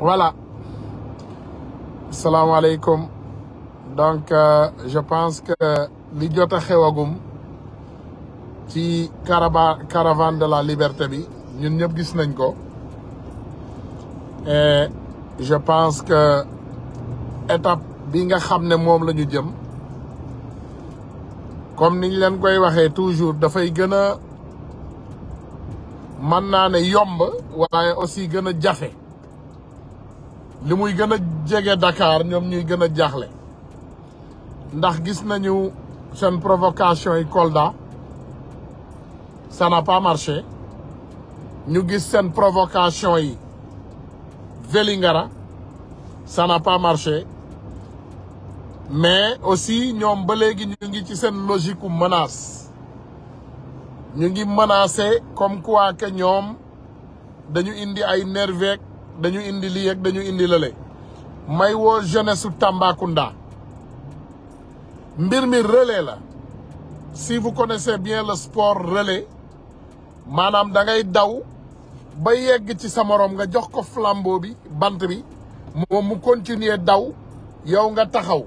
Voilà. Salam alaikum. Donc, euh, je pense que l'idiota Khewagum, qui caravane de la liberté, nous tous pas Et je pense que étape bi nga xam ne jëm comme niñ l'avons koy toujours dafay gën a mën naa ne yomb waaye aussi gën a li muy gën a jege Dakar ñoom ñuy gën a jaaxle ndax gis nañu seen provocation yi Kolda ça n'a pas marché ñu gis seen provocation yi Vélingara ça n'a pas marché mais aussi ñoom ba léegi ñu ngi ci seen logique u menace ñu ngi menacé comme quoi que ñoom dañu indi ay nerveek dañu indi li ak dañu indi lële may wo jeunesse tambakunda mbir mi relais la si vous connaissez bien le sport relais manam da ngay daw ba yegg ci sa morom nga jox ko flambeau bi bant bi mom mu continuer daw yow nga taxaw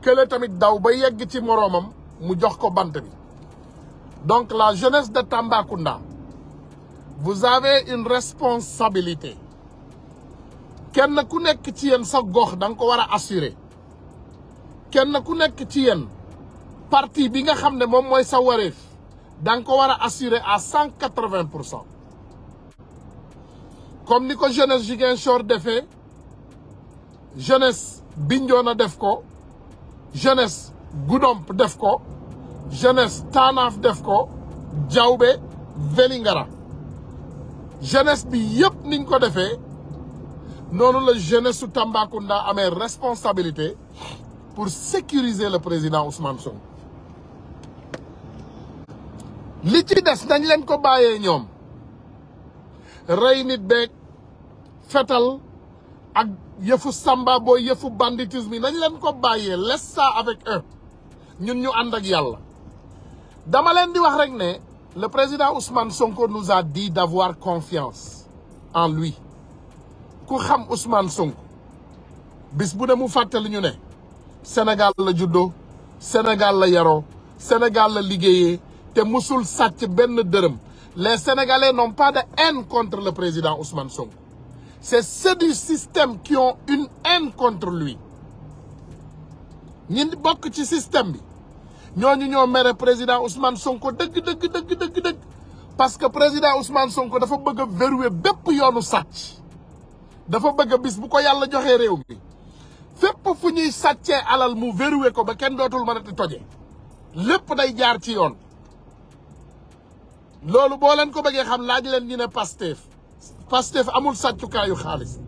kele tamit daw ba yegg ci moromam mu jox ko bant bi donc la jeunesse de Tambakunda, vous avez une responsabilité kenn ku nekk ci yéen sa gox danga ko war a assurer kenn ku nekk ci yéen parti bi nga xam ne moom mooy sa wareef da nga ko war a assurer à cent quatre-vingt pour cent comme ni ko jeunesse Ziguinchor defee jeunesse Bignona def ko jeunesse Goudomp def ko jeunesse Tanaff def ko Diaoubé Vélingara jeunesse bi yëpp niñ ko defee Non, la jeunesse su Tambacounda mes responsabilités pour sécuriser le président Ousmane Son. li ci des nañ leen ko bàyyee ñoom rey nit beeg fetal ak yëfu samba booy yëfu banditisme yi nañ ko laisse ça avec eux ñun ñu ànd ak dama di wax le président Ousmane Sonko nous a dit d'avoir confiance en lui ku xam Ousmane Sonko bis bu ne mu ñu ne Sénégal la judo, Sénégal la yaro, Sénégal la liggéeyee te musul satch ben deureum les Sénégalais n'ont pas de haine contre le président Ousmane Sonko c'est ceux du système qui ont une haine contre lui ñi bok ci système bi ñooñu ñoo méré président Ousmane Sonko deug deug deug deug deug parce que président Ousmane Sonko dafa bëgg verrouer verrouiller yoonu satch dafa bëgg a bis bu ko yàlla joxee réew mi fépp fu ñuy sàccee alal mu verrouillé ko ba kenn dootul mënati toje lépp day jaar ci yoon loolu boo leen ko bëggee xam laaj leen ñu ne Pastef Pastef amul sàccukaayu xaalis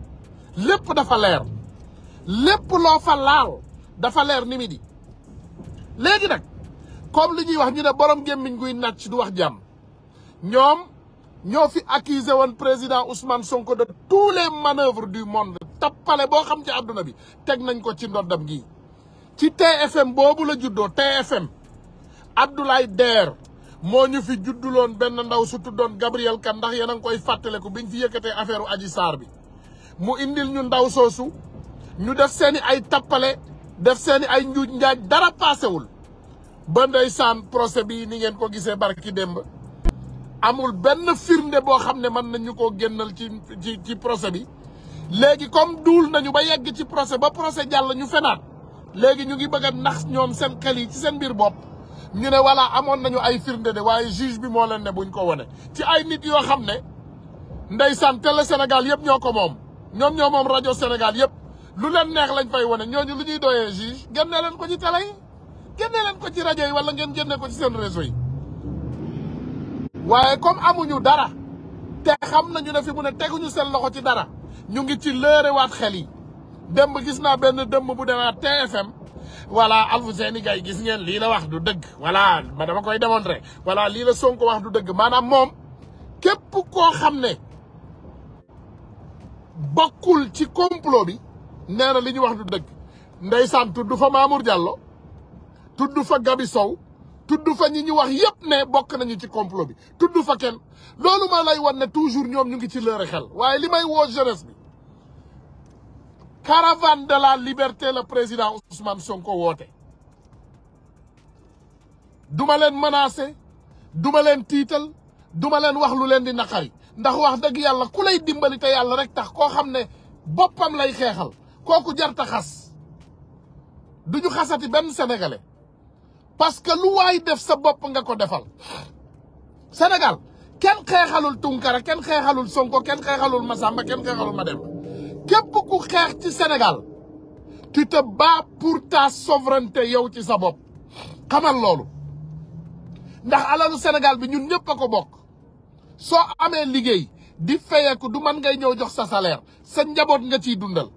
lépp dafa leer lépp loo fa laal dafa leer ni mi di léegi nag comme li ñuy wax ñu ne borom gémmiñ guy nàcc du wax jàmm ñoom ñoo fi accusé woon président Ousmane Sonko de tous les manœuvres du monde tappale boo xam ci àdduna bi teg nañ ko ci ndoddam gi ci TFM boobu la juddoo TFM Abdoulaye Der moo ñu fi judduloon benn ndaw su tuddoon Gabriel Kane ndax yéen a ngi koy fàttaliku biñ fi yëkkatee affaire Adji Sarr bi mu indil ñu ndaw soosu ñu def seeni ay tappale def seeni ay njuuj njaaj dara paasewul ba ndeysaan procès bi ni ngeen ko gisee barki démb amul benn firnde boo xam ne mën nañu ko génnal ci ci ci procès bi léegi comme duul nañu ba yegg ci procès ba procès jàll ñu fenaat léegi ñu ngi bëgg a nax ñoom seen xel yi ci seen mbir bopp ñu ne voilà amoon nañu ay firnde de waaye juge bi moo leen ne buñ ko wone ci ay nit yoo xam ne ndeysaan télé Sénégal yëpp ñoo ko moom ñoom ñoo moom rajo Sénégal yëpp lu leen neex lañ fay wone ñooñu lu ñuy doyee juge génne leen ko ci télé yi génne leen ko ci rajo yi wala ngeen génne ko ci seen yi waaye comme amuñu dara te xam nañu ne fi mu ne teguñu seen loxo ci dara ñu ngi ci lërewaat xel yi démb gis naa benn démb bu demaat TFM voilà Alfousseyni Gaye gis ngeen lii la wax du dëgg voilà ma dama koy démontrer voilà lii la Sonko wax du dëgg maanaam moom képp koo xam ne bokkul ci complot bi nee li ñu wax du dëgg ndeysaan tudd fa Mamour Diallo tudd fa Gabi Sow tuddu fa ñi ñi wax yépp ne bok nañu ci complot bi tuddu fa kenn loolu ma lay ne toujours ñom ñu ngi ci leur xel waye limay may jeunesse bi caravane de la liberté le président Ousmane Sonko woote duma len menacer duma len tiital duma len wax lu len di naqari ndax wax deug yalla ku lay dimbali te yalla rek tax ko xamne bopam boppam lay xeexal kooku jarta xass duñu xassati ben sénégalais parce que lu waay def sa bop nga ko defal senegal Ken xexalul Tunkara ken xexalul Sonko ken xexalul masamba ken xexalul madem, kep ku xex ci Senegal, tu te bats pour ta souveraineté yow ci sa bop xamal lolu ndax alalu senegal bi ñun ñepp ko bok so amé liggéey di fayeeku du man ngay ñew jox sa salaire sa njabot nga ci dundal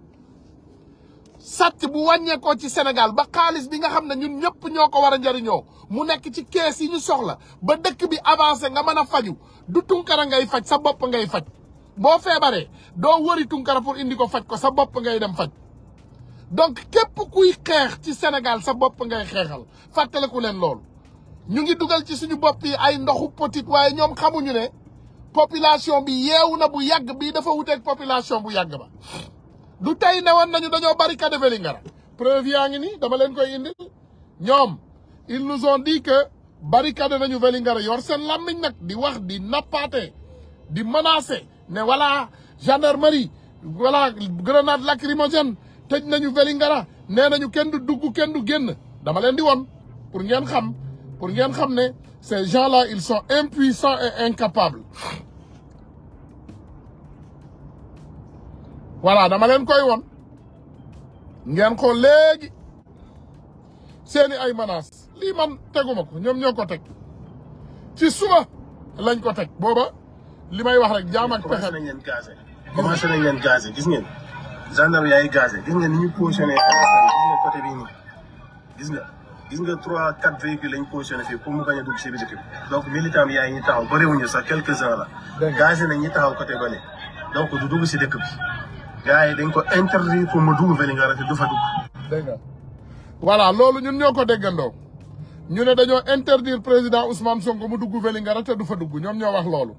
sàcc bu wàññeekoo ci Sénégal ba xaalis bi nga xam na ñun ñëpp ñoo ko war a njëriñoo mu nekk ci kees yi ñu soxla ba dëkk bi avancé nga mën a faju du tunkara ngay faj sa bopp ngay faj boo feebaree doo wëri tunkara pour indi ko faj ko sa bopp ngay dem faj donc képp kuy xeex ci Sénégal sa bopp ngay xeexal fàttaliku leen lool ñu ngi dugal ci suñu bopp yi ay ndoxu petit waaye ñoom xamuñu ne population bi yeewu na bu yàgg bii dafa wuteeg population bu yàgg ba du tey newoon nañu dañoo barricade ngara preuve yaa ngi ni dama len koy indi ñom ils nous ont dit que barricade nañu ngara yor sen lamiñ nak di wax di napaté di menacer ne wala gendarmerie wala grenade lacrymogène tej nañu ngara nee nañu kenn du dugg kenn du genn dama len di won pour ngeen xam pour ngeen xam ne ces gens là ils sont impuissants et incapables voilà dama leen koy won ngeen xool léegi seeni ay menaces lii man teguma ko ñoom ñoo ko teg ci suba lañ ko teg booba li may wax rek jaam ak pexe. commencé nañ leen gazé commencé nañ leen gis ngeen gendarme yaay gazé gis ngeen ni ñu positionné ak côté bii nii gis nga gis nga trois quatre véhicules lañ positionné fii pour mu bañ a dugg si biir donc militant yaay ñi taxaw bariwuñu réew ñu sax quelques uns la. gazé nañ ñi taxaw côté ba ne donc du dugg si dëkk bi. gars yi dañ ko interdit pour mu dugg Vélingara te du fa dugg. dégg nga voilà loolu ñun ñoo ko déggandoo ñu ne dañoo interdire président Ousmane Sonko mu dugg Vélingara te du fa dugg ñoom ñoo wax loolu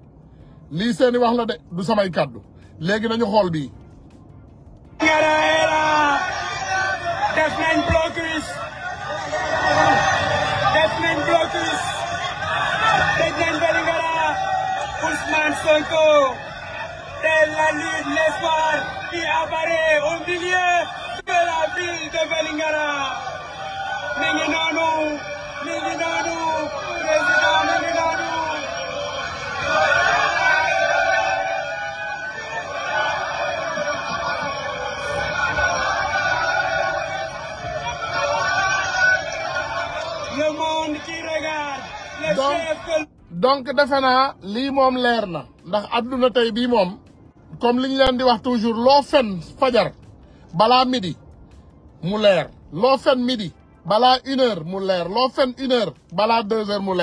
lii seeni wax la de du samay kàddu léegi nañu xool bii. def nañ blocus def nañ blocus def nañ Vélingara Ousmane Sonko c'est la lutte qui apparaît au milieu de la ville de Vélingara président Donc, donc ndax comme liñ dit di wax toujours loo fen fajar balaa midi mu leer loo fen midi balaa une heure mu leer loo fen une heure balaa deux heures mu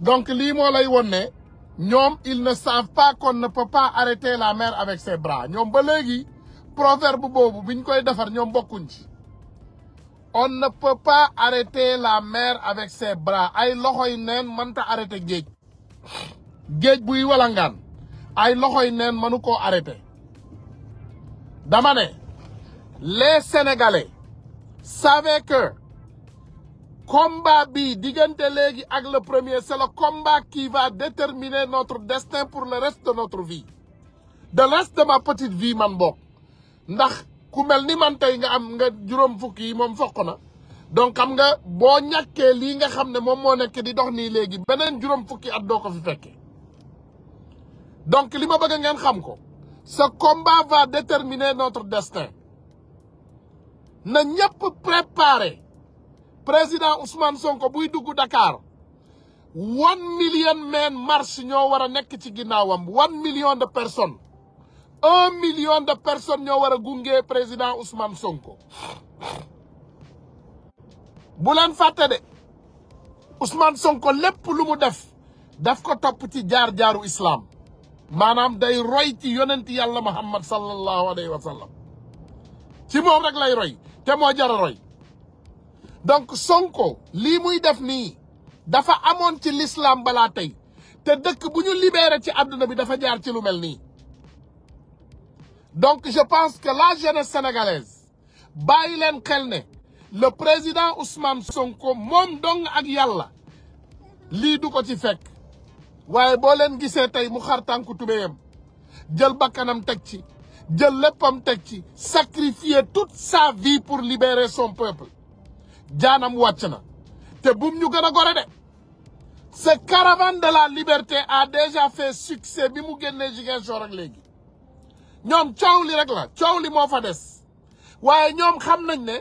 donc lii moo lay won ne ñoom ils ne savent pas qu'on ne peut pas arrêter la mer avec ses bras ñoom ba léegi proverbe boobu biñ koy defar ñoom bokkuñ ci on ne peut pas arrêter la mer avec ses bras ay loxoy neen mënta arrêter géej géej buy walangaan ay loxoy neen mënu ko arrêté dama ne les sénégalais savaient que combat bi diggante léegi ak le premier c'est le combat qui va déterminer notre destin pour le reste de notre vie de reste de ma petite vie man ndax ku melni man tay nga am nga juróom fukk yi moom na donc xam nga bo ñaké li nga xamné ne mo nekk di dox ni léegi benen juróom fukki at do ko fi donc ce que bëgg ngeen xam ce combat va déterminer notre destin na ñëpp préparer président Ousmane Sonko buy dugg Dakar 1 million men personnes ñoo war 1 de one million de personnes 1 million de personnes ñoo war a gunge président Ousmane Sonko bu leen fàtte de Ousmane Sonko lépp lu mu def daf ko topp ci jaar-jaaru islam Manam day roy ci yonent yalla muhammad sallallahu alaihi wasallam. ci mom rek lay roy te mo jara roy donc sonko li muy def ni dafa amone ci l'islam bala tay te dekk buñu libérer ci aduna bi dafa jaar ci lu melni donc je pense que la jeunesse sénégalaise bayilen xelne le président Ousmane Sonko mom dong ak yalla li du ko ci fekk waye bo len gisee tay mu xar jël bakkanam tek ci sacrifier toute sa vie pour libérer son peuple na bum ñu de ce caravane de la liberté a déjà fait succès bi mu jor ak légui ñom rek la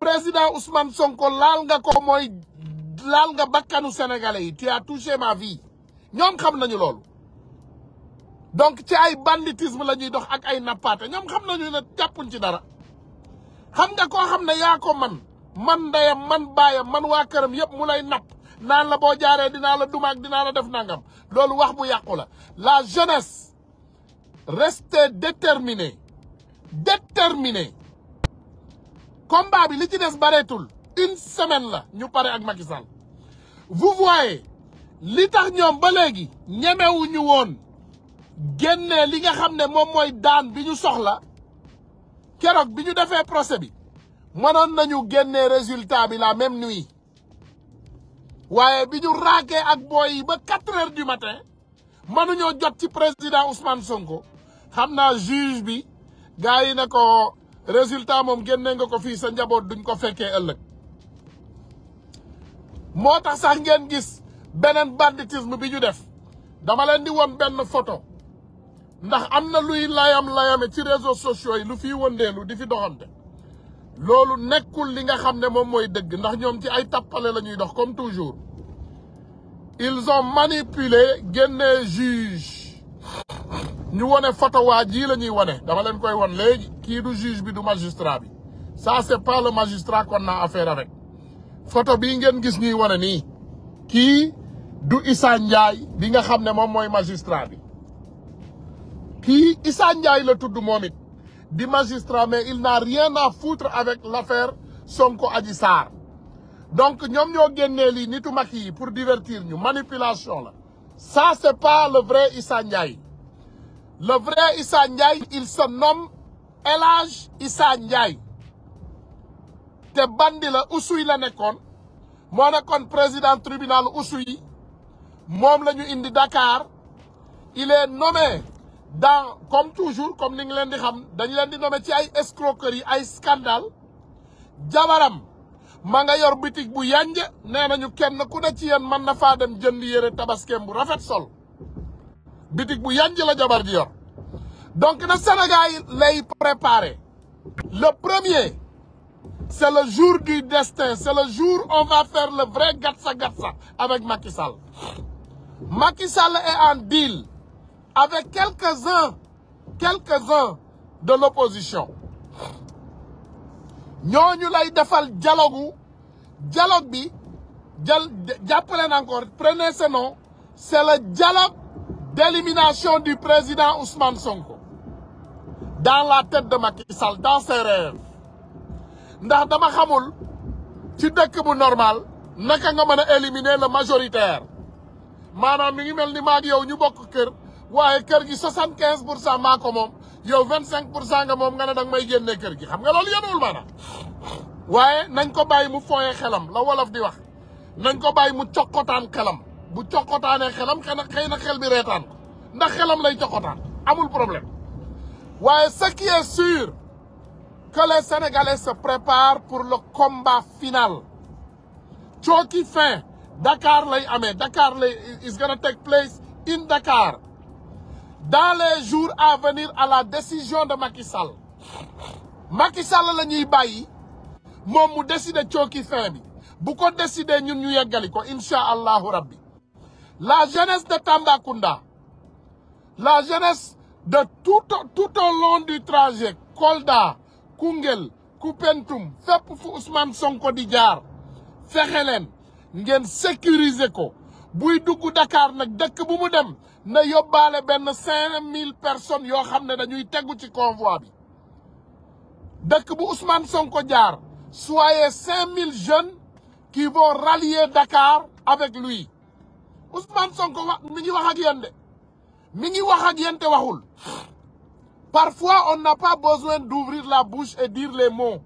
président Ousmane Sonko laal nga ko moy nga sénégalais tu as touché ma vie ñom xam nañu donc ci ay banditisme la dox ak ay sommes ñom xam nañu ci dara xam nga xam ko man man man man la la la def nangam wax la jeunesse restez déterminée Déterminé. combat bi li ci des vie, une semaine la ñu paré ak vous voyez li tax ñoom ba léegi ñemewuñu woon génnee li nga xam ne moom mooy daan bi ñu soxla keroog bi ñu defee procès bi mënoon nañu génnee résultat bi la même nuit waaye bi ñu raakee ak booy yi ba quatre heures du matin mënuñoo jot ci président Ousmane Sonko xam naa juge bi gars yi ne ko résultat moom génnee nga ko fii sa njaboot duñ ko fekkee ëllëg moo tax sax ngeen gis beneen banditisme bi ñu def dama leen di won benn photo ndax am na luy layam-layame ci réseaux sociaux yi lu fiy wëndeelu di fi doxante loolu nekkul li nga xam ne moom mooy dëgg ndax ñoom ci ay tappale la ñuy dox comme toujours ils ont manipulé génnee juge ñu wone photo waa jii la ñuy wone dama leen koy won léegi kii du juge bi du magistrat bi ça c'est pas le magistrat qu'on a affaire avec photo bii ngeen gis ñuy wone nii kii du Issa Ndiaye bi nga xamne mom moy magistrat bi ki Issa Ndiaye la tuddu momit di magistrat mais il n'a rien à foutre avec l'affaire Sonko Adji Sarr donc ñom ñoo génnee li nitu mag pour divertir ñu manipulation la ça c'est pas le vrai Issa Ndiaye le vrai Issa Ndiaye il se nomme Elage Issa Ndiaye te bandi la usuy la nekkon mo nekkon président tribunal usuy moom la indi Dakar il est nommé dans comme toujours comme ni ngi leen di xam nommé ci ay escroquerie ay scandale jabaram ma nga yor bitig bu yànj nee nañu kenn ku ne ci yéen na jënd bu rafet sol bitig bu la jabar yor donc na Sénégal lay préparer le premier c'est le jour du destin c'est le jour on va faire le vrai gatsa gatsa avec Macky Sall Macky Sall est en deal avec quelques-uns, quelques-uns de l'opposition. avons fait un dialogue dialogue bi encore prenez ce nom c'est le dialogue d'élimination du président Ousmane Sonko dans la tête de Macky Sall dans ses rêves ndax dama xamul ci dëkk normal naka nga mën éliminer le majoritaire manam ni ngi mel ni maag yow ñu bokk kër waye kër gi 75% ma ko mom yow 25% nga mom nga ne danga may génnee kër gi xam nga loolu yenuwul maanaam waye nañ ko bàyyi mu foyé xelam la wolof di wax nañ ko bàyyi mu cokkotaan xelam bu cokkotaanee xelam xëy xeyna xel bi reetaan ndax xelam lay cokkotaan amul problème waye ce qui est sûr que les Sénégalais se préparent pour le combat final cooki fin dakaar lay amee Dakar lay is gonna take place in Dakar dans les jours à venir à la décision de Macky Sall Macky Sall la ñuy bàyyi moom mu décider cooki fin bi bu ko décider ñun ñu yeggali ko incha allahu rabbi la jeunesse de Tambacounda la jeunesse de tout tout au long du trajet Kolda Koungheul Koupentoum fépp fu Ousmane Sonko di jaar fexe ngeen sécuriser ko buy dugg Dakar nak dekk bu mu dem na yobale ben cinq personnes yo xam dañuy tegu ci convoi bi dekk bu Ousmane Sonko jaar soyez 5000 jeunes qui vont rallier Dakar avec lui Ousmane Sonko mi ngi wax ak yéen de mi ngi wax ak te waxul parfois on n'a pas besoin d'ouvrir la bouche et dire les mots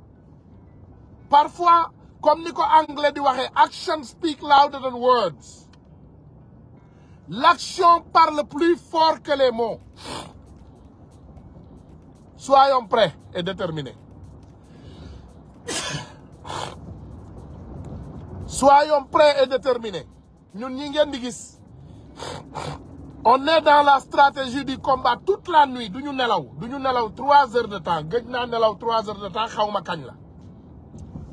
parfois comme nous anglais action speak louder than words l'action parle plus fort que les mots soyons prêts et déterminés soyons prêts et déterminés Nous, ñi ngeen on est dans la stratégie du combat toute la nuit Nous sommes nelaw du trois heures de temps trois heures de temps ma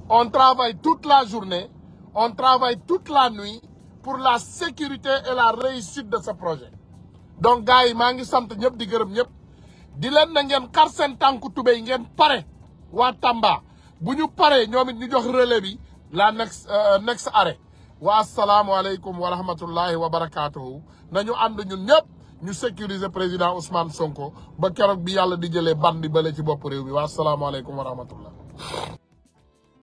On travaille toute la journée, on travaille toute la nuit pour la sécurité et la réussite de ce projet. donc gars yi maa ngi sant ñëpp di gërëm ñëpp di leen na ngeen xar seen tànku ngeen pare waa Tamba bu ñu paree ñoom it ñu jox relais bi la next euh, next arrêt wa asalaamualeykum wa rahmatullahi wa barakaatuhu nañu ànd ñun ñëpp ñu sécuriser président Ousmane Sonko ba keroog bi yàlla di jëlee bandi bale ci bopp réew mi wa asalaamualeykum wa rahmatullah